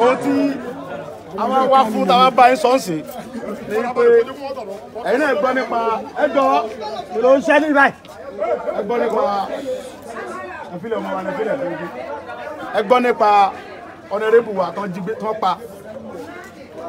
ohun tí àwọn wá fún táwọn bá yín sọ́ọ̀sì ni pé ẹ̀yin náà gbọ́ nípa ẹ̀dọ́ ló ń ṣẹ́ ní báyìí ẹ gbọ́ nípa ẹ̀fílẹ̀ ọmọ wa ní ẹ̀fílẹ̀ ẹ̀fílẹ̀ ẹ gbọ́ nípa ọ̀nẹ́rẹ́bù wa tó ń jí gbé tó ń pa.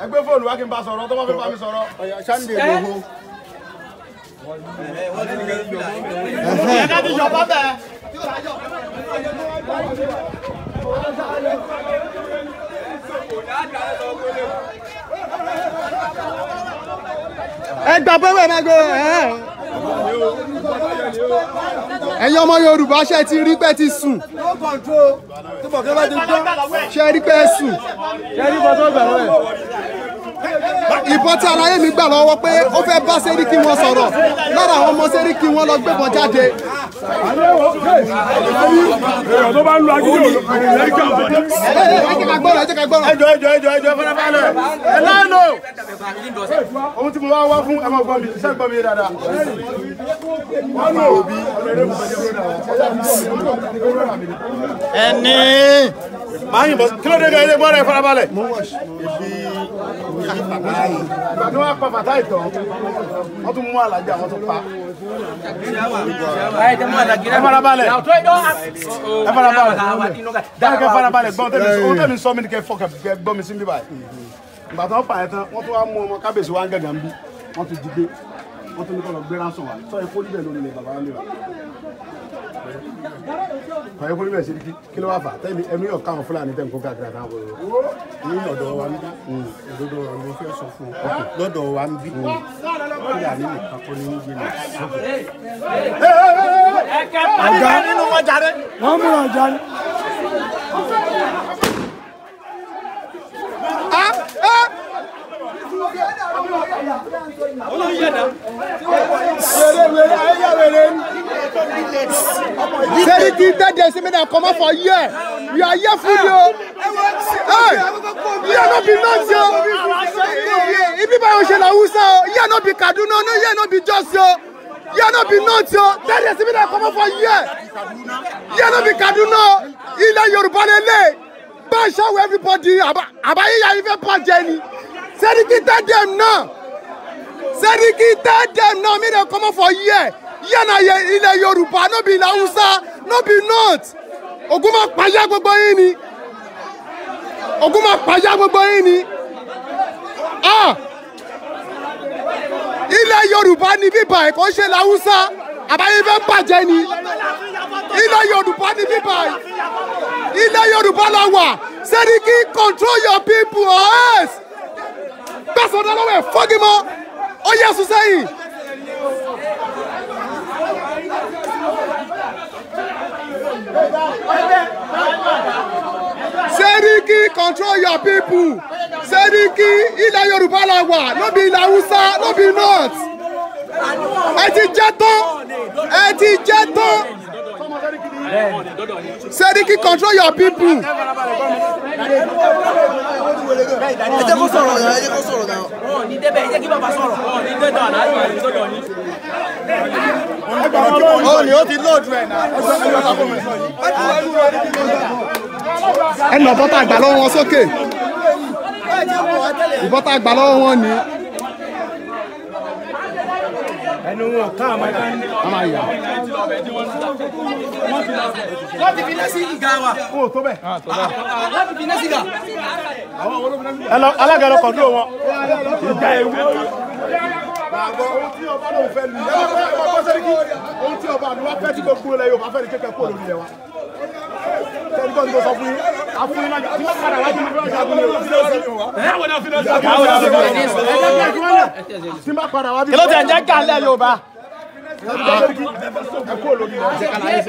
ẹ gbé fóònù wá kí n bá sọ̀rọ̀ tó bá fẹ́ bá mi sọ̀rọ̀. Sunday Igboho. ẹ̀ka ti yọ̀ bọ́bẹ̀. ẹ gbà pé wẹ́ẹ́ máa gbé ẹ̀ ẹ̀yin ọmọ yorùbá ṣe ti rí pé ti sùn ṣe rí pé sùn ṣe rí pé tó ìbọn tí aráyé mi gbà lọ́wọ́ pé ó fẹ́ bá sẹ́ríkì wọn sọ̀rọ̀ lára àwọn ọmọ sẹ́ríkì wọn lọ gbébọn jáde. èèyàn tó bá ń lo agídí òní lẹ́yìn kan bọ̀dá. ẹ jẹ́ ká gbọ́rọ̀ ẹ jẹ́ ká gbọ́rọ̀. ẹjọ́ ẹjọ́ ẹjọ́ ẹjọ́ fẹ́rẹ́ fẹ́rẹ́ ẹ lánà. ohun tí mo wá wá fún ẹmọ gbọ́n mi iṣẹ́ gbọ́n mi dáadáa. ẹni máa yìnbọn kí ló dé gan ilé gbọ́dọ̀ ẹ farabalẹ̀. ìgbà tí wọ́n pa bàtà ìtọ̀ wọ́n tún mú àlàjì àwọn tó pa. ẹ farabalẹ̀ ẹ farabalẹ̀ dákẹ́ farabalẹ̀ gbọ́n tẹ́mi sọ́mi ni kẹ́ fọ́kẹ́ gbọ́n mi sí bíbáyìí. ìgbà tí wọ́n pa ẹ̀ tán wọ́n tún wá mú ọmọ kábíyèsí wa ń gàgà ń bí wọ́n tún jí gbé wọ́n tún ní kọ́ lọ gbé ránṣọ wa sọ ẹ kórìí bẹ̀ lórí ilẹ̀ bàbá mi wa. kọ́ ẹ kórìí bẹ̀ sí kí ló wà fà tẹ́mi ẹ̀mí yọ̀ káwọn fúlàní tẹ̀ ń kó káàkiri àtàwọn wọlé. ní ọ̀dọ̀ wa ń bí hmm. òdodo wa ló fẹ́ sọ fún ọ lọ́dọ̀ wa ń bí hmm. fúlàní nìkan kọ́ ní níbi ní. ọ̀gá nínú wọn jáde. wọ́n mú ọ̀gá ni. Sẹ́ni ti dẹ́dẹ̀ sí mi náà kọ́ mọ́ for year. You are here for you. Hey, you are not be North yo. Ibi báyọ̀ ṣe la Hausa o. You are not be Kaduna no. You are not be Jos yo. You are not be North yo. Dẹ́dẹ̀ sí mi náà kọ́ mọ́ for year. You are not be Kaduna. Ilẹ̀ Yorùbá lélẹ̀. Báṣọ̀ wọ everybody. Àbáyé ya ife bàjẹ́ ni. Seriki tell dem now Seriki tell dem now make dem comot for here here na ilẹ̀ Yorùbá no be ilẹ̀ Hausa no be north ogun ma paya gbogbo yín ni ogun ma paya gbogbo yín ni ah ilẹ̀ Yorùbá ni bíbá ẹ̀ kò ṣe ilẹ̀ Hausa àbáyé fẹ́ bàjẹ́ ni ilẹ̀ Yorùbá ni bíbá ilẹ̀ Yorùbá la wà Seriki control your people or else gbàsọdọ lọ́wọ́ ẹ fọgímọ ó yẹ sùn sẹ́yìn. Seriki control your people Seriki ilẹ̀ Yorùbá la wà lóbi ilẹ̀ Haúsá lóbi north ẹ ti jẹ́ tán ẹ ti jẹ́ tán. Sẹ́ríkì control your people. ẹ jẹ́ kó sọ̀rọ̀ náà ẹ jẹ́ kó sọ̀rọ̀ náà. ní débẹ̀ ẹ jẹ́ kí bàbá sọ̀rọ̀. ní débẹ̀ àná àyè àyè sọ̀rọ̀ ni. ó ní ó ti lóòdù ẹ̀ náà. ẹ nà bọ́tà àgbà lọ́wọ́ wọn sókè. ìbọ́tà àgbà lọ́wọ́ wọn ni ẹnu wọn ká àmọ́ ẹ̀ka ní. a máa yà. wọ́n ti fi nẹ́sì ìgà wa. o tó bẹ́ẹ̀. wọ́n ti fi nẹ́sì ìgà. alága lọ kọ̀ọ̀dúró wọn. ìgbà ewu. ohun tí ọba ló fẹ́ lu. ohun tí ọba ló fẹ́ tí gbogbo rẹ̀ yóò bá fẹ́ ni kékeré kúrò lórí rẹ̀ wa tẹ́lifọ̀ ní kò sọ fún yín àfún yín lọ́jọ́ tí wọ́n padà wá sí ibi ọjà àbúlé wọn. káwọn náà fi lọ sí ọjà àbúlé wọn. tí wọ́n padà wá bí. kí ló ti ẹ̀ ń jẹ́ kálẹ̀ Yorùbá. ẹ kú olórí rẹ.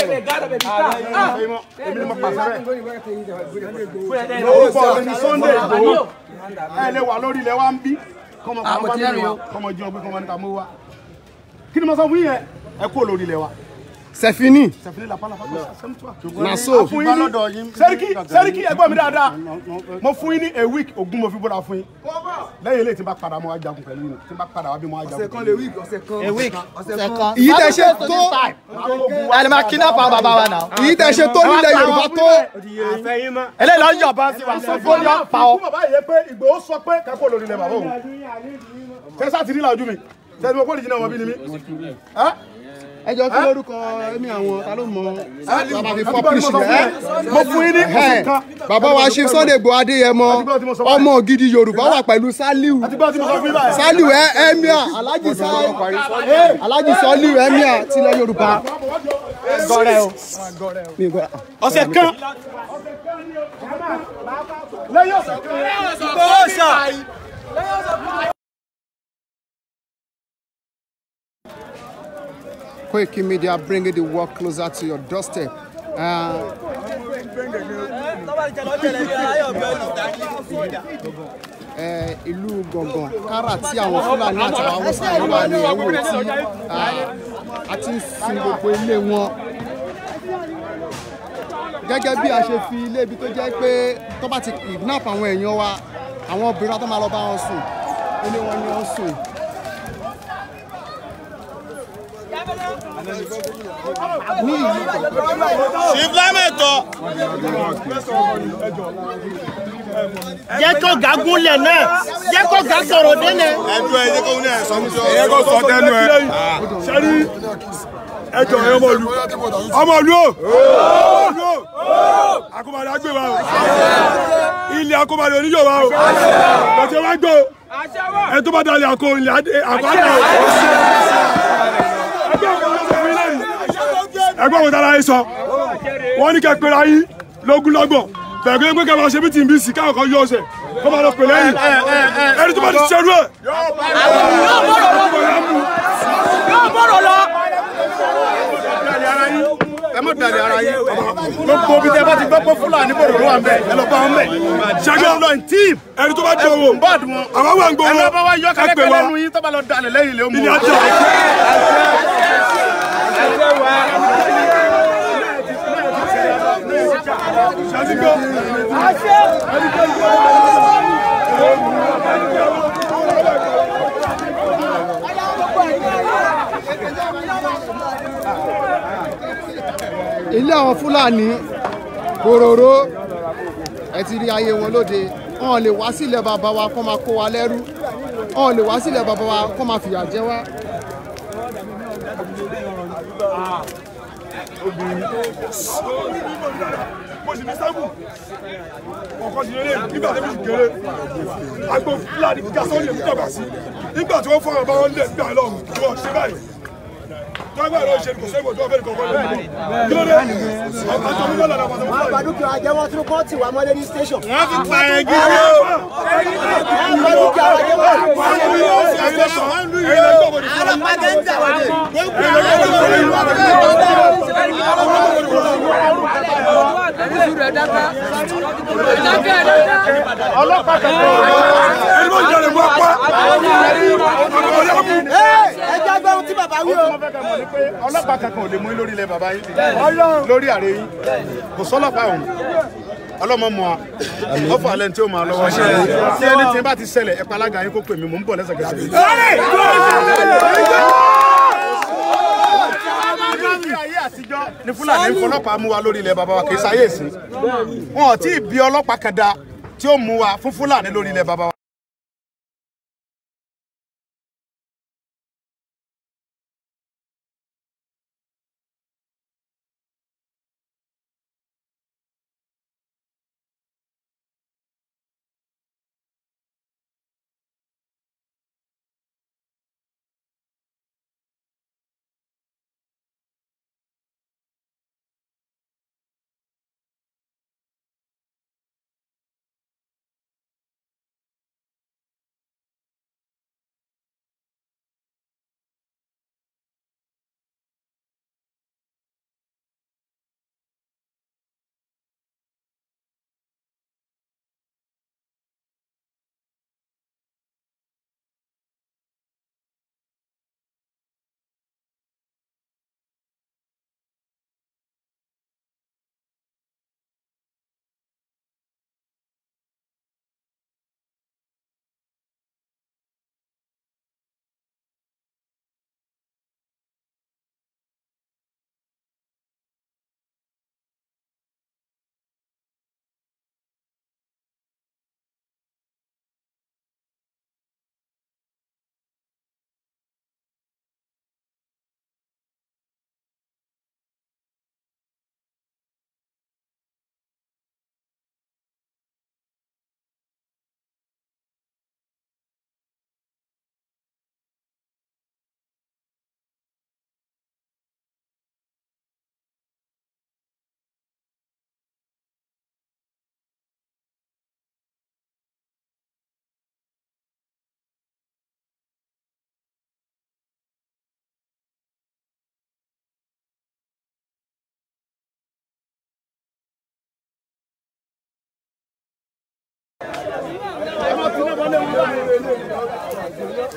èmi ni mo pàṣẹ bẹ́ẹ̀. lórúkọ mi Sunday Igboho ẹ lè wà lórí ilẹ̀ wa ń bí kọ́mọ kọ́mọ bá nílò wa kọ́mọ jẹun pé kọ́mọ níta mú wa kí ni mo sọ fún yín ẹ kú olórí ilẹ̀ wa c'est fini. naso sẹ́ríkì sẹ́ríkì ẹgbẹ́ mi dáadáa mo fún yín ní a week ogún mo fi bọ́ra là il est eléyìí tí n bá padà mo wá jagun pẹ̀lú yín tí n bá padà wá bí mo wá jagun pẹ̀lú yín. ọ̀sẹ̀ kan a week ọ̀sẹ̀ kan ìyí tẹ ṣe tó àlùmá est àwọn bàbá wa náà. ìyí tẹ ṣe tó nílẹ̀ Yorùbá tó eléyìí lọ yọ̀ bá sí wa sọ fún yọ pa ọ. Ìgbòho sọ pé kẹ́kọ̀ọ́ lórí ilẹ̀ bàbá òun tẹ́sà ti rí làjú mi tẹ́sà ti rí làjú mi ẹ jọ kí lórúkọ ẹmí àwọn ta ló mọ mo fún yín ní bàbá wa ṣe Sunday Igboho Adéyẹmọ ọmọ gidi Yorùbá wà pẹ̀lú Saliu Saliu emir Alhaji Saliu Alhaji Saliu emir tilẹ̀ Yorùbá gọrẹ o ọ̀sẹ̀ kan lẹ́yìn ọ̀sẹ̀ kan lẹ́yìn ọ̀sẹ̀ kan. Quake Media bringing the work closer to your doorstep. Uh, uh ìlú gọ̀ngàn kára tí àwọn Fúlàní àtàwọn Haúsá ló wà ní ẹ̀wò tí uh, a ti ń sin gbogbo ilé wọn gẹ́gẹ́ bí a ṣe fi ilé ibi tó jẹ́ pé tó bá ti kidnap àwọn èèyàn wa àwọn obìnrin tó máa lọ bá wọn sùn ilé wọn ni wọ́n sùn. ṣìfìlámẹ̀tọ̀. jẹ́ kó ga gúnlẹ̀ náà jẹ́ kó ga sọ̀rọ̀ délẹ̀. ẹjọ́ ẹ jẹ́ kó ní ẹ̀sán mi sọ. ẹ kò sọ tẹnu ẹ. sẹ́ni ah. ẹjọ́ ẹ ọmọ ìlú ọmọ ìlú o akóbalẹ̀ agbèwà o ilẹ̀ akóbalẹ̀ oníyọ̀wà o bàtẹ́ wá gbọ́ ẹ tó bá dalẹ̀ àkó ilẹ̀ àkó ẹgbẹ́ òun tara yín sọ wọ́n ní kẹ́ pera yín lógúnlọ́gbọ̀n bẹ̀rẹ̀ kí ló pé kẹ́ máa ṣe bí tìǹbì sí káwọn kan yọ ọ̀sẹ̀ kó máa lọ pè lẹ́yìn eh, eh, eh, ẹni tó bá ti ṣerú ẹ̀. yóò bọ̀rọ̀ lọ. ẹ má dàdí ara yín gbogbo omi tẹ bá ti gbọ́ pé fúlàní bọ̀rọ̀ ló wà ń bẹ̀ ẹ lọ bá wọn bẹ̀. ṣẹ́gbẹ́ ọ̀nà tíìm ẹni tó bá jẹ owó àwọn wà ń gbowó ẹ pè wá ilé ajá àṣẹ. ilé àwọn fúlàní kòròró ẹ ti rí ayé wọn lóde wọn lè wá sílẹ̀ bàbá wa kó máa kó wa lẹ́rú wọn lè wá sílẹ̀ bàbá wa kó máa fìyà jẹ wá. obìnrin continue simple on continue lé nígbà tó fi kéré agbo fúlàní gasọ́ọ̀lì èmi dàgbà sí nígbà tí wọ́n fọwọ́ bá wọn lẹ̀ nígbà lọ́wọ́ kí wọ́n ṣe báyìí tọ́gbà ló ṣe kò sẹ́gun tó fẹ́ kọ̀ọ̀kan lẹ́yìn lórí ọ̀pá tó ń bọ̀ lọ́dọ̀ wọn. wọn bá dúkìá àjẹwọ́ tún kọ́ọ̀tì wà mọ́lẹ́ ní station. wọ́n ti pa ẹgbẹ́ rẹ̀ o. wọ́n bá dúkìá àjẹwọ́ tún kọ́ọ̀tì wà mọ́lẹ́ ní station. ọlọ́pàá tẹ́ ń jà wá dé. gbogbo àwọn ọmọ ọlọ́pàá kankan ò lè mú lórí ilẹ̀ bàbá yìí lórí ààrẹ yìí kò sọ́lọ́pàá òun ọlọ́mọ mọ́ a ó fà lẹ́ni tí ó máa lọ́wọ́ ṣe tí ẹni tí bá ti ṣẹlẹ̀ ẹ̀pá yín kó pè mí mò ń bọ̀ lẹ́sẹ̀kẹsẹ̀ ní ayé àtijọ́ ni fúlàní fọlọ́pàá mú wa lórí ilẹ̀ bàbá wa kì í sáyé sí wọn ò tí ì bí ọlọ́pàá kan tí ó mú wa fún fúlàní lórí ilẹ̀ bàbá wa.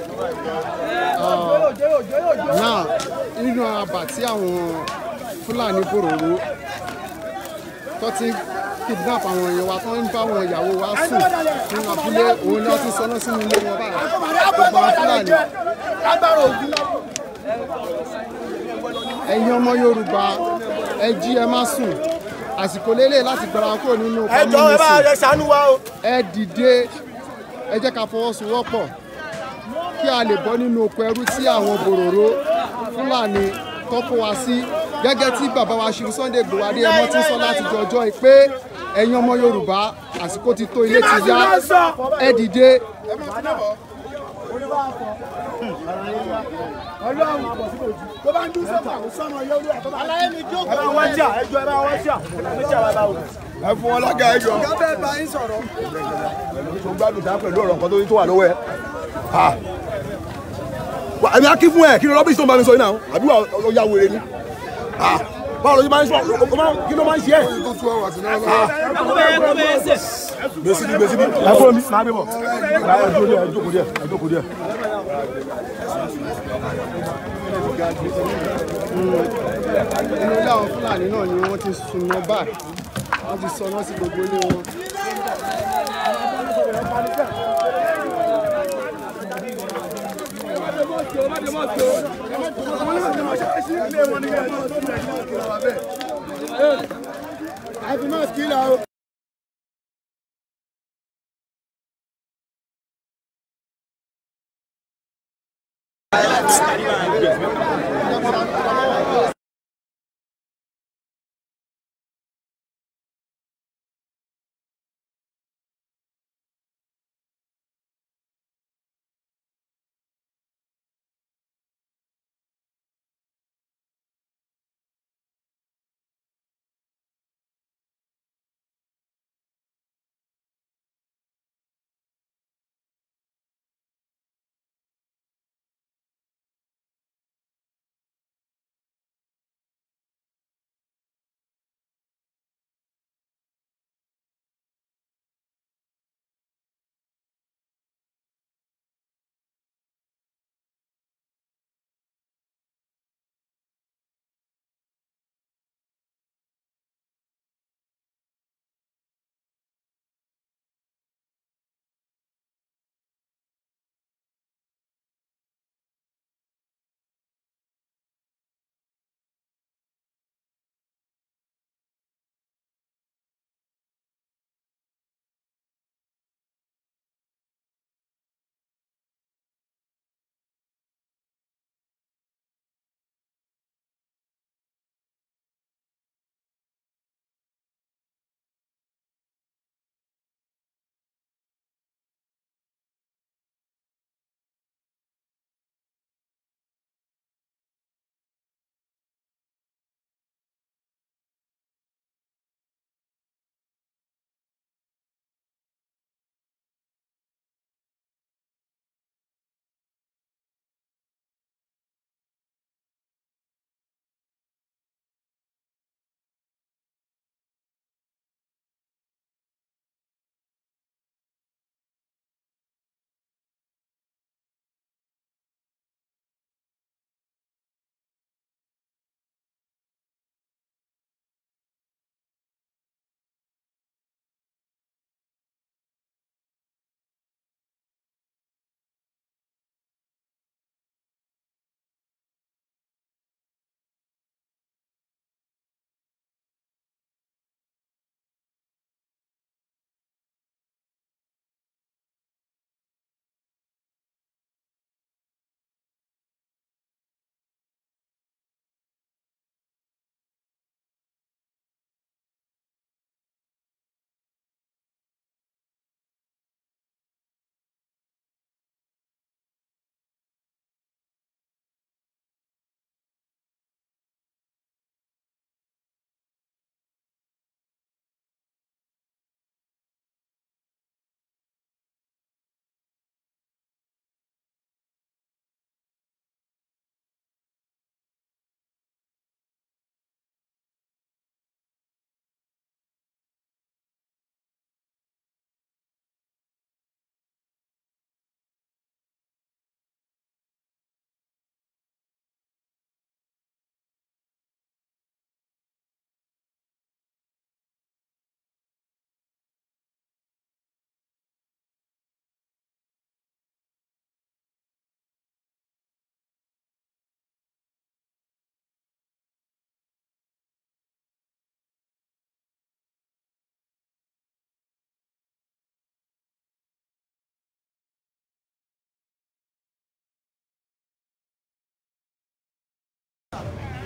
now nínú abà tí àwọn fúlàní bòròwó tó ti kidnap àwọn èèyàn wa tó ń bá àwọn ìyàwó wa sùn nínú abúlé òun ló ti sọnà sínú ilé wọn báyìí gbogbo àwọn fúlàní. ẹ̀yin ọmọ yorùbá ẹ jí ẹ má sùn àsìkò lélẹ̀ láti gbára kúrò nínú kọ́mínísì ẹ dìde ẹ jẹ́ ká fọwọ́sowọ́pọ̀ kí a lè bọ́ nínú oko ẹrú tí àwọn bòròró fúlàní tó kó wa sí gẹ́gẹ́ tí bàbá wa ṣe Sunday Igboho Adéyẹmọ ti sọ láti jọjọ́ pé ẹ̀yin ọmọ Yorùbá àsìkò ti tó ilé ti yá ẹ dìde. Ẹ bá wá ẹ jọ ẹ bá wá jà, ẹ jà wá gbádùn dá pẹ̀lú ọ̀rọ̀ kan tó ní tó wà lọ́wọ́ ẹ èmi á kí fún ẹ kí ni rọ́bìsì tó ń bá mi sọ yìí náà àbí wà ó ya wèrè ni ah, báwo ló ti máa ń sọ kí ló máa ń ṣe ẹ. gbèsè ni gbèsè ni ẹ fún mi máa bẹ bọ ẹ jókòó díẹ̀ ẹ jókòó díẹ̀. inú ilé àwọn fúlàní náà ni wọ́n ti sunná báyìí wọ́n ti sọ náà sí gbogbo ilé wọn. má tó wọn náà ti máa ṣe àṣírí ilé wọn nígbà tí wọn tó nàìjíríà kìlà wà bẹ́ẹ̀. àìfi máa kìlà o. Thank you.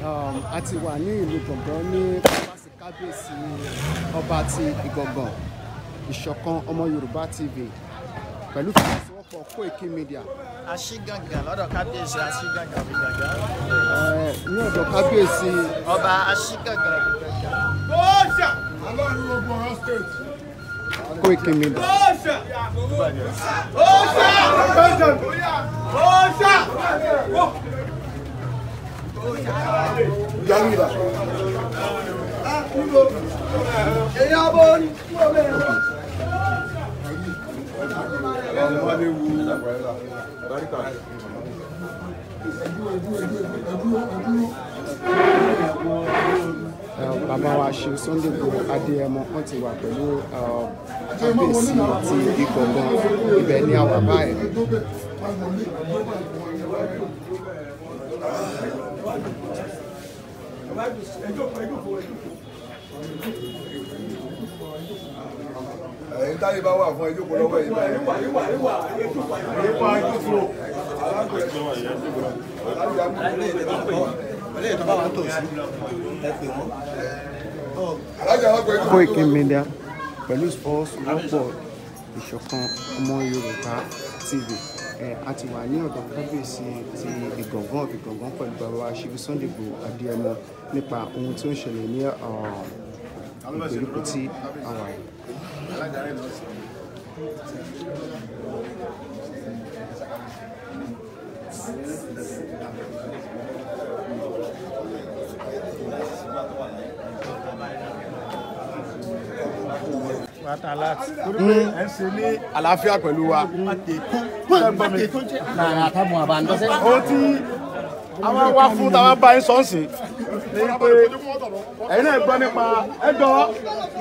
Um, a ti wà ní ìlú gbọ̀ngàn ní pàṣẹ kábíyèsí ọba ti ìgbọ̀ngàn ìṣọ̀kan ọmọ yorùbá tv pẹ̀lú fífọwọ́pọ̀ Koiki Media. aṣígàngàn lọ́dọ̀ kábíyèsí aṣígàngàn ọ̀bìgàngà. ní ọ̀dọ̀ kábíyèsí. ọba aṣígàngàn ọ̀bìgàngà. bọ́ọ̀ṣà alọ́run ló gbọ́ ọ́ state. Koiki Media. bọ́ọ̀ṣà bọ́ọ̀ṣà bọ́ọ̀ṣà bọ́ọ̀ṣà ìyáwó ìlà. èyí abọ́ ní kúrò bẹ́ẹ̀ náà. àwọn ọmọdé wu baríkà. Bàbá wa ṣe Sunday Igboho Adéyẹmọ wọn ti wà pẹ̀lú kábíyèsí ti Ìgàngán ibẹ̀ ní àwa báyìí ẹ̀yin táyé bá wà fún ẹjọ́ kó lọ́wọ́ yìí báyìí. ìpa ìjókòó Koiki Media pẹ̀lú sports wọ́pọ̀ ìṣọ̀kan ọmọ Yorùbá TV a ti wà ní ọ̀dọ̀ kábíyèsí ti ìgàngán ìgàngán pẹ̀lú bàbá Ṣèyí Sunday Igboho Adéyẹmọ nípa ohun tó ń ṣẹlẹ̀ ní ìgbèríko tí a wà yìí. Thank you. Hmm. àlàáfíà pẹ̀lú wa. ohun tí àwọn wá fún táwọn bá yín sọ́ọ̀sì ni pé ẹ̀yin náà gbọ́ nípa ẹ̀dọ́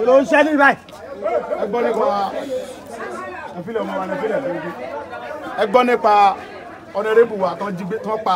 ló ń ṣẹ́ ní báyìí ẹ gbọ́ nípa ẹ̀fílẹ̀ ọmọ wa ní ẹ̀fílẹ̀ tó ń gbé ẹ gbọ́ nípa ọ̀nẹ́rẹ́bù wa tó ń jí gbé tó ń pa.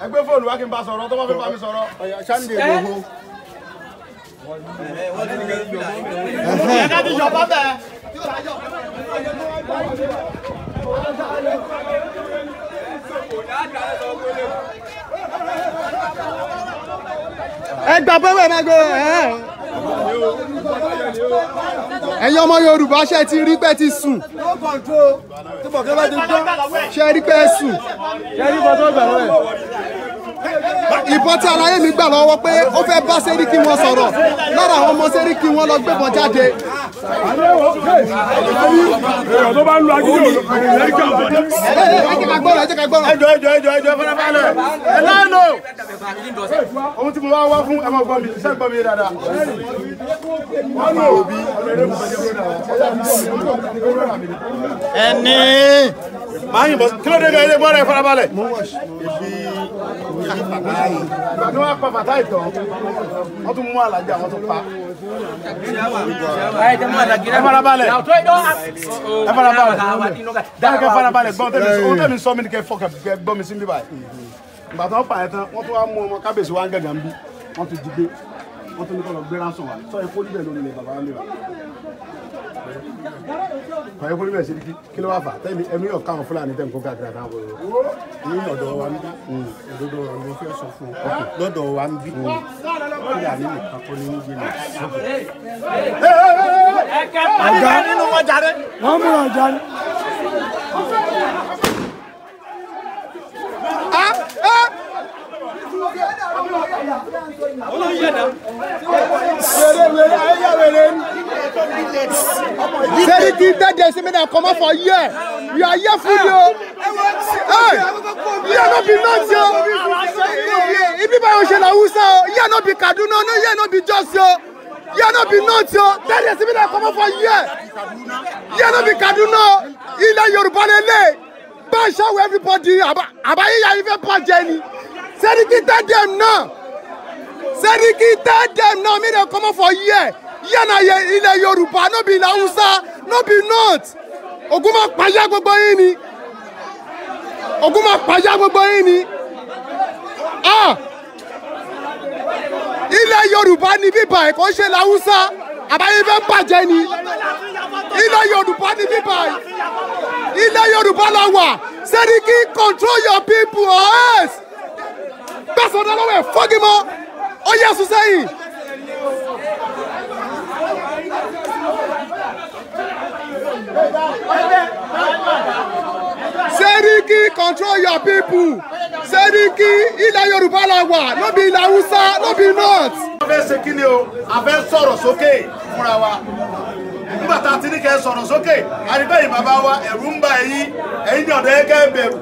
ẹ gbé fóònù wá kí n bá sọ̀rọ̀ tó bá fẹ́ bá mi sọ̀rọ̀. Sunday Igboho. ẹ̀ka ti yọ̀ bọ́bẹ̀. ẹ gbà bọ́bẹ̀ máa gbé ẹ̀. ẹ̀yin ọmọ Yorùbá ṣe ti rí pé ti sùn ṣe rí pé sùn ṣe rí pé tó gbà wẹ̀ ìbọn tí aráyé mi gbà lọ́wọ́ pé ó fẹ́ bá sẹ́ríkì wọn sọ̀rọ̀ lára àwọn ọmọ sẹ́ríkì wọn lọ gbébọn jáde. èèyàn tó bá ń lo agídí òní lẹ́yìn kan bọ̀dá. ẹ ẹ ẹ jẹ́ ká gbọ́rọ̀ ẹ jẹ́ ká gbọ́rọ̀. ẹjọ ẹjọ ẹjọ ẹjọ fẹ́rẹ́ fẹ́rẹ́ ẹ lánà. ohun tí mo bá wá fún ẹ máa gbọ́ mi iṣẹ́ gbọ́ mi dáadáa. wọ́n lò ó bí ẹni máa yìnbọn kí ló dé bẹ́ẹ̀ ilé gbọ́dọ̀ ìfarabalẹ̀. mo wọ̀ sí ibi fàtáì. ìgbà tí wọ́n pa fàtáì tán wọ́n tún mú alájà wọ́n tún pa. ẹ farabalẹ̀ ẹ farabalẹ̀ dákẹ́ farabalẹ̀ gbọ́n tẹ́mi sọ mí ni kẹ́ fọ́ọ̀kẹ́ gbọ́ mi sí bíbá yìí. ìgbà tí wọ́n pa yẹn tán wọ́n tún wá mú ọmọ kábíyèsí wa ń gàgà ń bí wọ́n tún jí gbé wọ́n tún ní kọ́ lọ gbé ránṣọ́ wa sọ ẹ kó níbẹ̀ lónìí bàbá mi wa kọ̀yẹ́ kó níbẹ̀ ṣe kí ló wá fà tẹ́mi ẹnu yọ̀ káwọn fúlàní tẹ̀ ń kó káàkiri àtàwọn ọ̀rọ̀ ní ọ̀dọ̀ wa ń bí mm. òdodo ọ̀rọ̀ ló fẹ́ sọ fún ọ lọ́dọ̀ wa ń bí fúlàní nìkan kọ́ ní níbi ní. ọ̀gá nínú wọn jáde. wọ́n mú wọn jáde. Olórí yẹn náà. Wèrè wèrè ayé yà Sẹ́ni ti dẹ́jẹ̀ sí mi náà come mọ́ for year. You are here for you. Hey, you are not be North yo. Ibi báyọ̀ ṣe na Hausa o. You are not be Kaduna no. You are not be just, yo. You are not be North yo. Dẹ́jẹ̀ sí mi náà come mọ́ for year. You are not be Kaduna. Ilẹ̀ Yorùbá your banana. a ṣàwọ̀ everybody. Aba, you even Àbáyéyà ifẹ̀ bàjẹ́ ni. Sẹ́ni ti dẹ́jẹ̀ náà. Sẹ́ni ti dẹ́jẹ̀ náà. Mi náà come mọ́ for year yẹn náà yẹ ilẹ̀ yorùbá no be ilẹ̀ haúsá no be north ogun máa pàyà gbogbo yín ni ogun máa pàyà gbogbo yín ni ah! ilẹ̀ yorùbá ni bíbá ẹ̀kọ́ ṣe ilẹ̀ haúsá àbáyé fẹ́ bàjẹ́ ni ilẹ̀ yorùbá ni bíbá ilẹ̀ yorùbá la wà sẹ́ríkì control your people or else gbèsè ọ̀dọ́ lọ́wọ́ ẹ̀ fọ́gímọ́ ó yẹ sùn sẹ́yìn. control your people Seriki ilẹ̀ Yorùbá la wà lóbi ilẹ̀ Haúsá lóbi north. a fẹ́ ṣe kí ni o a fẹ́ sọ̀rọ̀ sókè fúnra wa nígbà tá a ti ní kẹ́ ẹ sọ̀rọ̀ sókè àríbẹ̀yìn bàbá wa ẹ̀rù ń bà ẹ̀yìn ẹ̀yìn ní ọ̀dọ̀ yẹn kẹ́ ẹ bẹ̀rù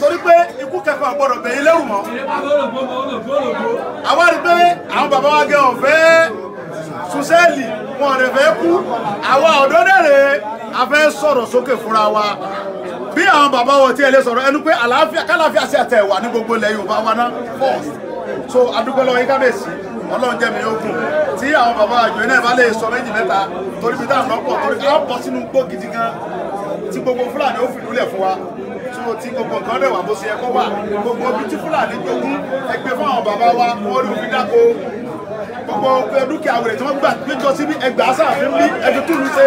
torí pé ikú kẹfà gbọ́dọ̀ bẹ̀yìn lẹ́rù mọ́. àwa rí pé àwọn bàbá wa gẹ ọ̀fẹ́ sùsẹ́ẹ̀lì wọn ò dẹ̀ fẹ́ kú àwa ọ̀dọ́ bí àwọn bàbá wọn tí ẹ lè sọ̀rọ̀ ẹnu pé àlàáfíà kálàáfíà sí àtẹ̀ wà ní gbogbo ilẹ̀ Yorùbá wa ná first so adúgbò lọ́wọ́ yín kábíyèsí Ọlọ́run jẹ́ mi ogun tí àwọn bàbá àjọ náà bá lè sọ méjì mẹ́ta torí bí táwọn lọ́pọ̀ torí ká bọ́ sínú gbó gidi gan tí gbogbo Fúlàní ó fi lulẹ̀ fún wa tí o ti gbogbo nǹkan dẹ̀ wà bó ṣe yẹ kó wà gbogbo bí tí Fúlàní jogún ẹgbẹ́ fún àwọn bàbá wa wọ́n lù fi dáko gbogbo dúkìá wèrè tí wọ́n gbà péjọ síbi ẹgbàá sáà fi ń bí ẹdùtùlù ṣe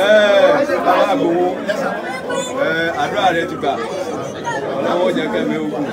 ee àbòwò ee rẹ ti gbà ọlọ́wọ́ jẹ́ kẹ́mi ogun.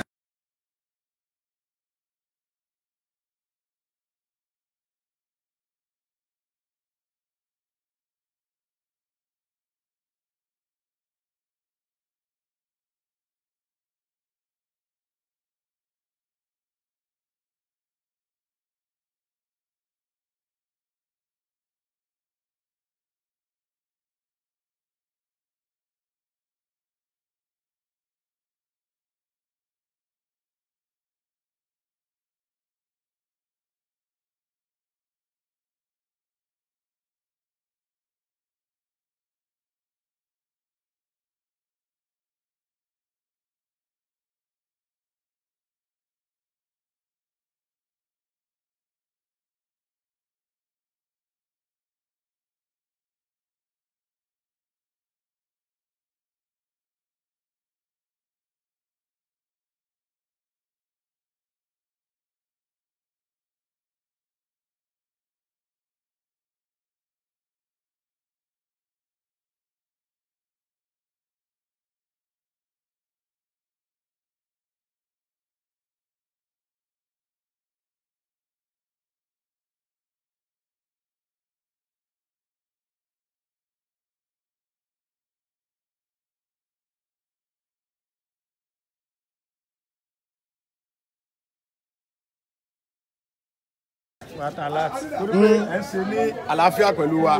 àlàáfíà pẹ̀lú wa.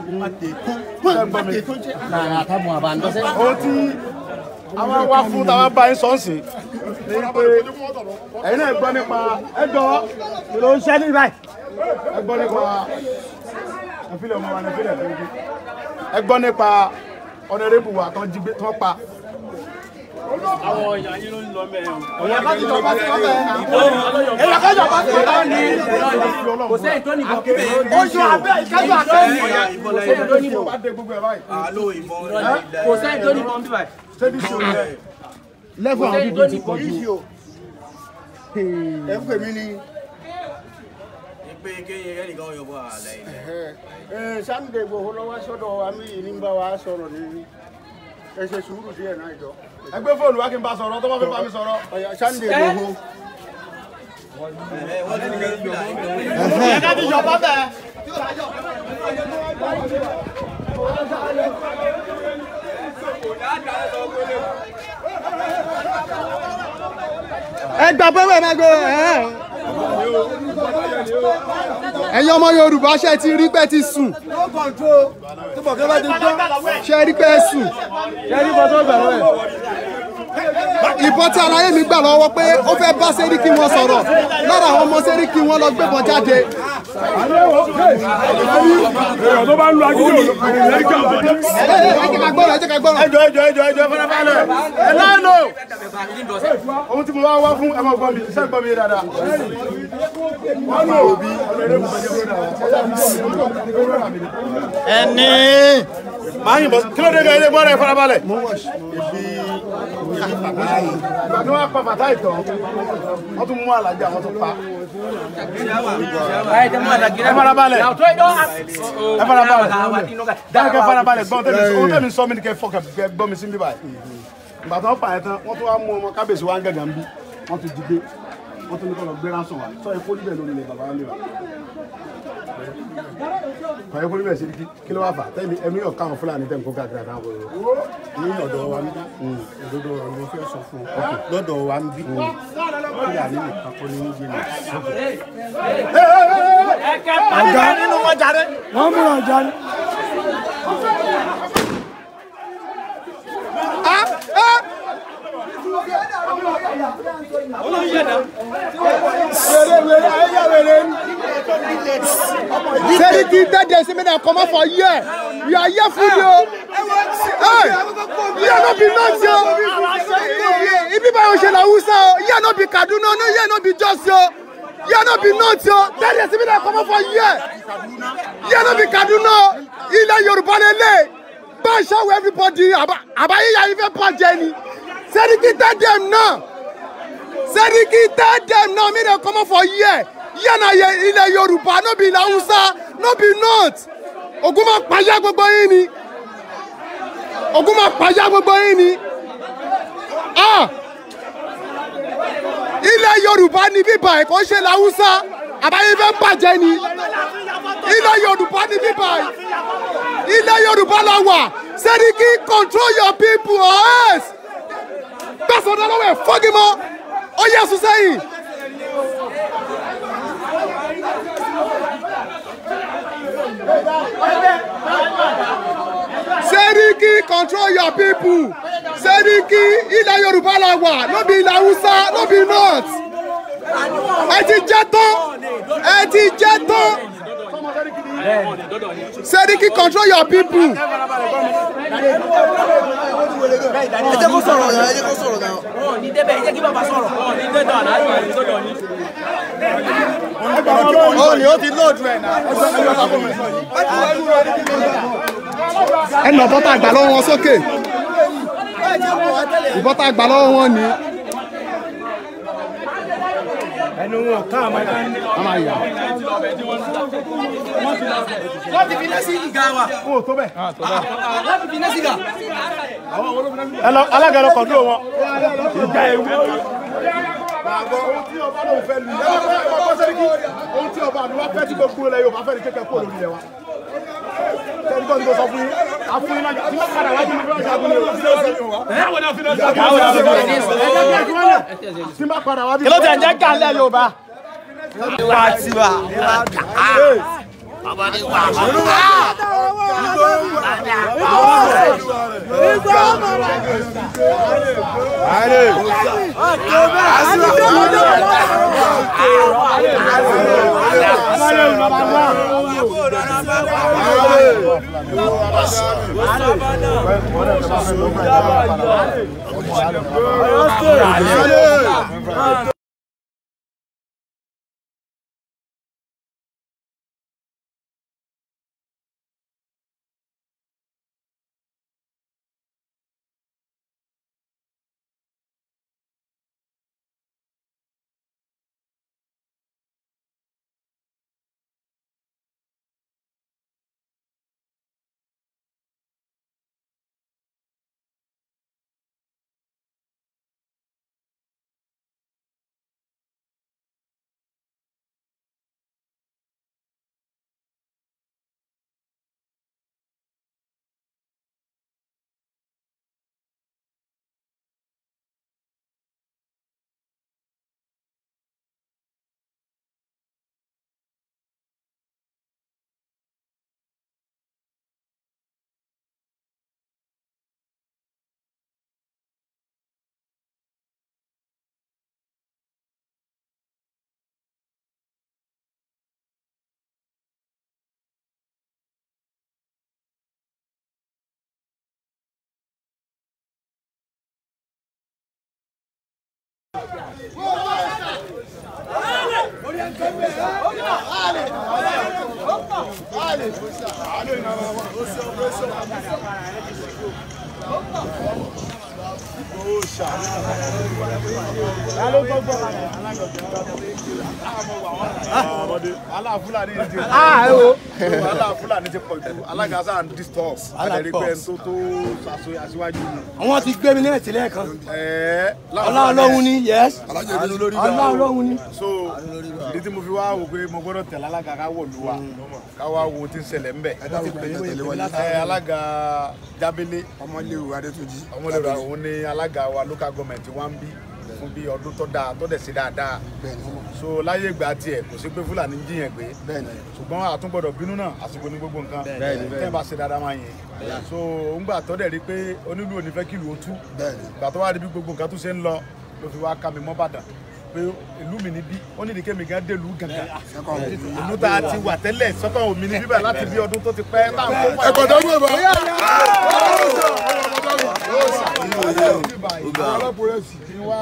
ohun tí a máa wá fún táwọn bá yín sọ́ọ̀sì ni pé ẹ̀yin náà gbọ́ nípa ẹgbọ́ ló ń ṣẹ́ nígbà ẹgbọ́ nípa ẹ̀fílẹ̀ ọmọ wa ní ẹ̀fílẹ̀ ẹgbọ́ nípa ọ̀nẹ́rẹ́bù wa tó pa àwọn ọ̀yà yín ló ń lọ mẹ́rin. ọ̀yà bá ti jọba sí ọ̀bẹ. èèyàn kan jọba sí ọ̀bẹ. ọ̀yà ni kò sẹ́yìn tó nìbọn kí bẹ́ẹ̀ ó ń ṣe abẹ́ ìkájọ àti ẹ̀yìn. kò sẹ́yìn tó nìbọn kò sẹ́yìn tó nìbọn bí báyìí. lẹ́fọ̀ àwọn bíbí ti pọ̀ jù. ẹ ń pè mí ni pé kéye ẹnìkan ọyọ bọ àlẹ yìí. ẹ Sunday Igboho lọ́wọ́ sọ́dọ̀ àmì yìí ní bá wa sọ̀rọ̀ ní ẹ ṣe sùúrù díẹ̀ náà jọ ẹ gbé fóònù wá kí n bá sọ̀rọ̀ tó bá fẹ́ bá mi sọ̀rọ̀. Sunday Igboho. ẹ ká ti yọba bẹ́ẹ̀. ẹ gbà pé wẹ́ẹ̀ máa gbé ẹ̀. ẹ̀yin ọmọ Yorùbá ṣe ti rí pé ti sùn ṣe rí pé sùn ìbọn tí ara aláyé mi gbà lọ́wọ́ pé ó fẹ́ bá Sẹ́ríkì wọn sọ̀rọ̀ lára àwọn ọmọ Sẹ́ríkì wọn lọ gbébọn jáde. àyẹ̀wò kéèsì èèyàn tó bá ń lo agídí òun lè ká bọ̀. ẹjọ ẹjọ ẹjọ ẹjọ fúnra balẹ̀ ẹ lánà. ohun tí mo wá wá fún ẹ máa gbọ́ mi iṣẹ́ gbọ́ mi dáadáa. wọ́n lò ó bí ẹni de máa yìnbọn kí ló dé gan ilé gbọ́dọ̀ ìfarabalẹ̀. mo wọ̀ ṣe ibi ìgbà tí wọ́n pa bàtà ìtàn wọ́n tún mú àlàjà wọ́n tún pa. ẹ farabalẹ̀ ẹ farabalẹ̀ dákẹ́ farabalẹ̀ gbọ́n tẹ́mi sọ mi ni kẹ́ fọkàn gbọ́n mi sí bíbá yìí. ìgbà tí wọ́n pa ẹ̀ tán wọ́n tún wá mú ọmọ kábíyèsí wa ń gàgà ń bí wọ́n tún jí gbé wọ́n tún ní kọ́ lọ gbé ránṣọ́ wa sọ ẹ kó níbẹ̀ lórí ilẹ̀ bàbá wa lè wà ọ̀yẹ́ kúrú bẹ̀ ṣe kí ló wá fà tẹ́lẹ̀ ẹ̀mí ọ̀ka àwọn fúlàní tẹ̀ ń kó káàkiri àtàwọn ọ̀rọ̀ ní ọ̀dọ̀ wa ń bí òdodo ọ̀rọ̀ ló fẹ́ sọ fún ọ lọ́dọ̀ wa ń bí fúlàní nìkan kọ́ ní níjẹ́ ní. àjọ nínú wọn jáde. wọ́n mú wọn jáde. olóyè Very deep that there's a man come out for a year. We are here for you. Hey, you are not be nuts, yo. If you buy Kaduna, no, you are not be Jos, yo. You are not be nuts, yo. That there's a man come out for a Kaduna. Ilẹ̀ Yorùbá lélẹ̀. Bá a ṣàwọ̀ everybody. Àbáyé yà ifẹ̀ bàjẹ́ ni. Sẹ́ríkì tẹ́ dẹ̀ náà. Sẹ́ríkì tẹ́ dẹ̀ náà. Mi dẹ̀ come out for yíyá náà yẹ ilẹ̀ yorùbá no be ilẹ̀ haúsá no be north ogun máa pàyà gbogbo yín ni ogun máa pàyà gbogbo yín ni ah! ilẹ̀ yorùbá ni bíbá ẹ̀kọ́ ṣe ilẹ̀ haúsá àbáyé fẹ́ bàjẹ́ ni ilẹ̀ yorùbá ni bíbá ilẹ̀ yorùbá la wà sẹ́ríkì control your people or else gbèsè ọ̀dọ́ lọ́wọ́ ẹ̀ fọ́gímọ́ ó yẹ sùn sẹ́yìn. Seriki control your people. Seriki ilẹ̀ Yorùbá la wà lóbi ilẹ̀ Haúsá lóbi north. Ẹ ti jẹ́ tán. Ẹ ti jẹ́ tán. Sẹ́ríkì control your people. Ẹ jẹ́ kó sọ̀rọ̀ náà, ẹ jẹ́ kó sọ̀rọ̀ náà. Wọ́n ní débẹ̀, ẹ jẹ́ kí bàbá sọ̀rọ̀. Wọ́n ní débẹ̀ náà, ẹnu wọn ká àmọ́ ẹ̀ka ní. wọ́n máa yà. wọ́n ti fi nẹ́sì ìgá wa. o tó bẹ̀. wọ́n ti fi nẹ́sì ìgá. alága lọ kọ̀ dúró wọn. ìjà ewu. Ohun tí ọba ló fẹ́ lu yẹn. Ohun tí ọba ló fẹ́ Ohun tí ọba ló fẹ́ lu yẹn. Ohun tí ọba ló fẹ́ lu yẹn tẹ́lifíṣọ́ ti kò sọ fún yín àfún iná tí wọ́n padà wájú ní fúláṣí àbúlé o. báwo ni kí ló tẹ̀ ń jẹ́ kálẹ̀ Yorùbá ọmọ ní wà á Allez! I I I don't don't don't know. Thank you. Ìgbòho ṣà. Lálẹ́ gbọ́gbọ́ alágbàgbé. Wàhálà Fúlàní ti pọ̀ jù. Wàhálà Fúlàní ti pọ̀ jù. Alága sáà ń disturb. Alẹ́ rí pé ẹ̀sùn tó aṣíwájú ni. Àwọn ti gbé mi ní ẹ̀tí lẹ́ẹ̀kan. Ọlá Ọlọ́run ni yes. Ọlá Ọlọ́run ni. So ìdí tí mo fi wá wò pé mo gbọ́dọ̀ tẹ̀lé alága ká wọ̀ lù wa. Ká wá wo ti ń ṣẹlẹ̀ ńbẹ̀. Alága Jábélé. Ọmọléwu Adétúnjì. Ọmọléwu àwọn ni a alága wa local government wa ń bí fún bí ọdún tó dáa tó dẹ̀ sí dáadáa so láyé ìgbà tiẹ̀ kò sí pé fúlàní ń jiyàn gbé ṣùgbọ́n àtúngbọ̀dọ̀ bínú náà àsìkò ní gbogbo nǹkan tẹ́ ẹ bá ṣe dáadáa máa yẹn so ńgbà tó dẹ̀ rí pé onílù ò ní ó tú gbà tó rí bí gbogbo nǹkan tó ṣe ń lọ ló fi wá ká mọ́ bàdàn pé ìlú mi níbí wọ́n ní nìkẹ́ mi gan dèlú gàgà ìlú tá a ti wà tẹ́lẹ̀ sọ́kàn omi ní bíbà láti bí ọdún tó ti pẹ́ táwọn kó wà. ẹ̀kọ́ dọ́gbọ̀n bá sì ti wá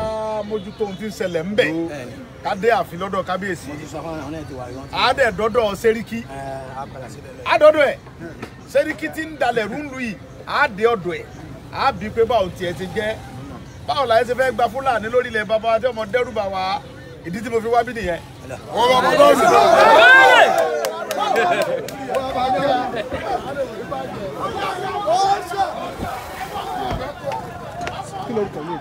mójútó ohun tí ń ṣẹlẹ̀ ń ká dé àfin lọ́dọ̀ kábíyèsí àádẹ́dọ́dọ̀ sẹ́ríkì àádọ́dọ̀ ẹ̀ sẹ́ríkì ti ń dalẹ̀ rúńlù yìí àádẹ́ ọ̀dọ̀ ẹ̀ àábí pé báwo tiẹ̀ ti jẹ́ báwo la yẹn ṣe fẹ́ gba fúlàní lórí ilẹ̀ bàbá wa tí ọmọ dẹ́rùbà wa ìdí tí mo fi wá bí nìyẹn. kí ló ń kọ́ mi?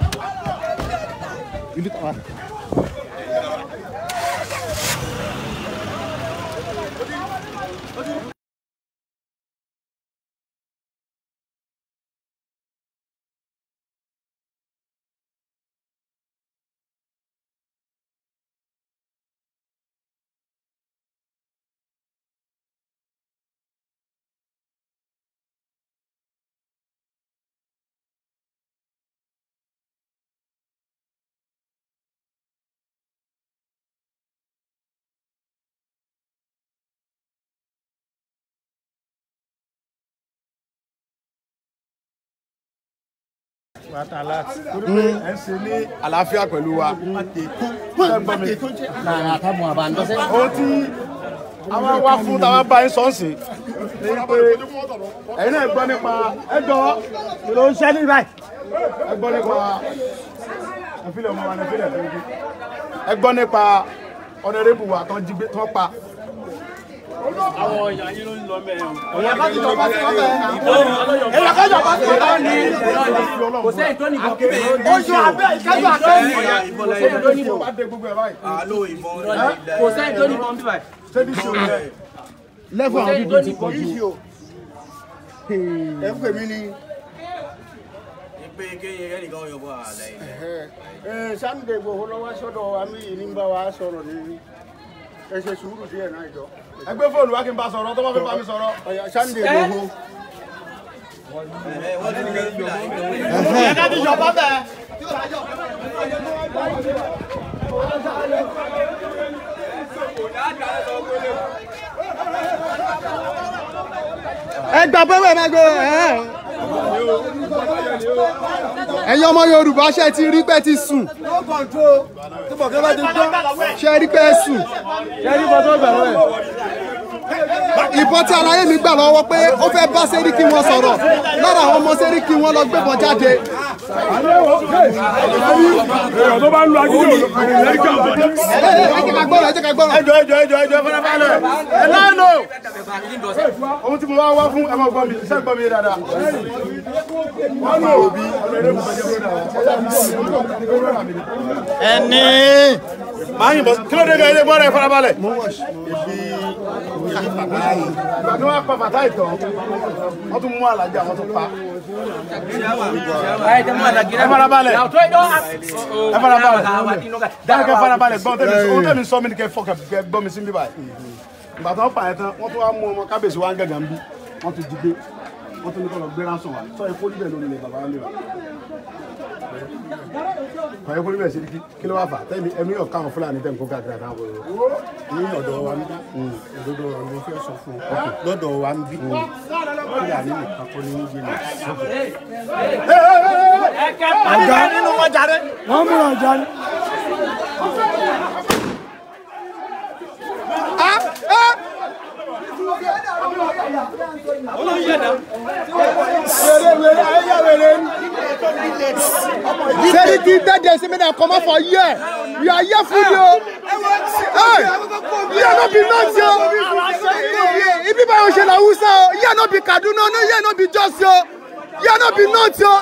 Hmm. àlàáfíà pẹ̀lú wa. ó ti àwọn wá fún táwọn bá yín sọ́ọ̀sì ní pé ẹ̀yin náà gbọ́ nípa ẹ̀dọ́ ló ń ṣẹ́ ní ibà ẹ gbọ́ nípa ẹ̀fílẹ̀ ọmọ wa ní ẹ̀fílẹ̀ ẹ̀fílẹ̀ ẹ gbọ́ nípa ọ̀nẹ́rẹ́bù wa tó ń jí gbé tó ń pa àwọn ọ̀yà yín ló ń lọ mẹ́rin. ọ̀yà bá ti jọ bá ti kọ́ bẹ́ẹ̀. ẹ̀yà kájọ bá ti kọ́ bẹ́ẹ̀ ni. kò sẹ́yìn tó nìkan kí bẹ́ẹ̀ ni. oṣù abẹ́ ìkájọ abẹ́ ni. kò sẹ́yìn tó nìkan. kò sẹ́yìn tó nìkan bí báyìí. lẹ́fọ̀ àwọn bíbí ti pọ̀ jù. ẹ pè mí ni pé kéèyàn yẹn nìkan yóò bọ̀ àlẹ́ yìí. Sunday Igboho lọ́wọ́ sọ́dọ̀ àmì yìí ní bá wa sọ̀rọ̀ nínú ẹ ṣe sùúrù díẹ̀ náà ìjọ. ẹ gbé fóònù wá kí n bá sọ̀rọ̀ tó bá fẹ́ bá mi sọ̀rọ̀. ọ̀yà Sunday Igboho. ti yọ̀ bábẹ́. ẹ gbà pé wẹ́ẹ̀ máa gbé wẹ́ẹ̀ ẹ̀yin ọmọ yorùbá ṣe ti rí pé ti sùn ṣe rí pé sùn ìbọn tí aláyé mi gbà lọ́wọ́ pé ó fẹ́ bá sẹ́ríkì wọn sọ̀rọ̀ lára àwọn ọmọ sẹ́ríkì wọn lọ gbébọn jáde. ẹni. máa yìnbọn kí ló dé gan ilé gbọ́dọ̀ ẹ farabalẹ̀ ìgbà tí wọ́n pa bàtà ìtọ̀ wọ́n tún mú àlàjà wọ́n tún pa. ẹ farabalẹ̀ ẹ farabalẹ̀ dákẹ́ farabalẹ̀ gbọ́n tẹ̀mí sọ́mi ni kẹ́ fọ́kẹ́ gbọ́n mi sí bíbá yìí ìgbà tí wọ́n pa ẹ̀ tán wọ́n tún wá mú ọmọ kábíyèsí wa ń gàgà ń bí wọ́n tún jí gbé wọ́n tún ní kọ́ lọ gbé ránṣọ́ wa ẹ kó ọ̀yẹ́ kó níbẹ̀ sí kí ló wá fà tẹ́lẹ̀ ẹ̀mí ọ̀ka àwọn fúlàní tẹ̀ ń kó káàkiri àtàwọn ọ̀rọ̀. ní ọ̀dọ̀ wa ń bí hmm. òdodo ọ̀rọ̀ ló fẹ́ sọ fún ọ lọ́dọ̀ wa ń bí hmm. fúlàní nìkan kọ́ ní oúnjẹ náà. àga nínú wọn jáde. wọ́n mú wọn jáde. Ah! Ah! olóyún yẹ̀dá. wèrè wèrè ayé wèrè ni. sẹ́ni ti bẹ́ẹ̀ sí mi náà kọ́ máa fọ yẹ yà yẹ fún mi o yíyá náà bí nọ́ọ̀sì o ibi báyọ̀ ṣe làwùsọ o yíyá náà bí Kaduna o yíyá náà bí jọ́sì o yíyá náà bí nọ́ọ̀sì o.